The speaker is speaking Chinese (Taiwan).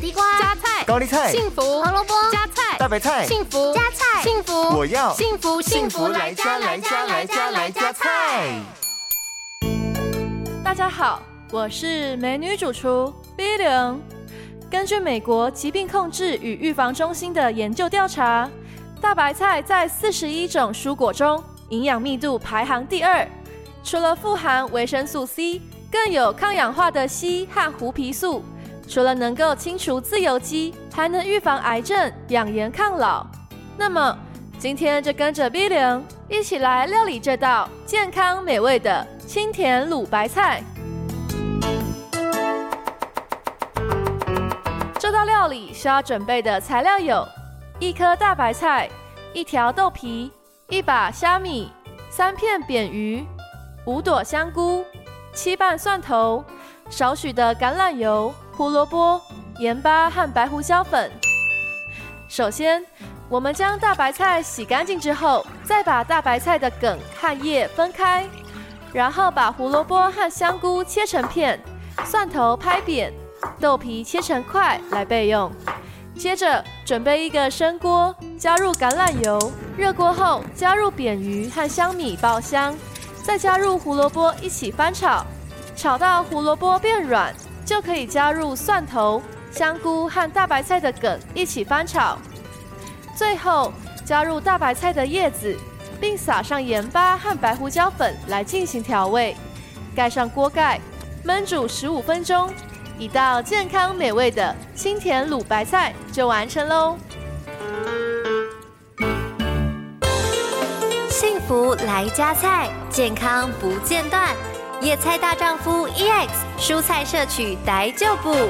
地瓜、加菜、高麗菜、麗菜幸福、胡蘿蔔、加菜、大白菜、幸福、加菜、幸福，我要幸福幸福來加來加來加來加菜。大家好，我是美女主廚 Billy。根據美國疾病控制與預防中心的研究調查，大白菜在四十一種蔬果中，營養密度排行第二。除了富含維生素 C，更有抗氧化的硒和槲皮素。除了能夠清除自由基，還能預防癌症、養顏抗老。那麼，今天就跟着 Billion 一起來料理這道健康美味的清甜滷白菜。這道料理需要準備的材料有：一顆大白菜、一條豆皮、一把蝦米、三片扁魚、五朵香菇、七瓣蒜頭、少許的橄欖油。胡蘿蔔、鹽巴和白胡椒粉。首先，我們將大白菜洗乾淨之後，再把大白菜的梗和葉分開，然後把胡蘿蔔和香菇切成片，蒜頭拍扁，豆皮切成塊來備用。接着，準備一個深鍋，加入橄欖油，熱鍋後加入扁魚和蝦米爆香，再加入胡蘿蔔一起翻炒，炒到胡蘿蔔變軟。就可以加入蒜頭、香菇和大白菜的梗一起翻炒，最後加入大白菜的葉子，並撒上鹽巴和白胡椒粉來進行調味，蓋上鍋蓋，燜煮十五分鐘，一道健康美味的清甜滷白菜就完成嘍。幸福來家菜，健康不間斷。野菜大丈夫 EX，蔬菜攝取，逮就補。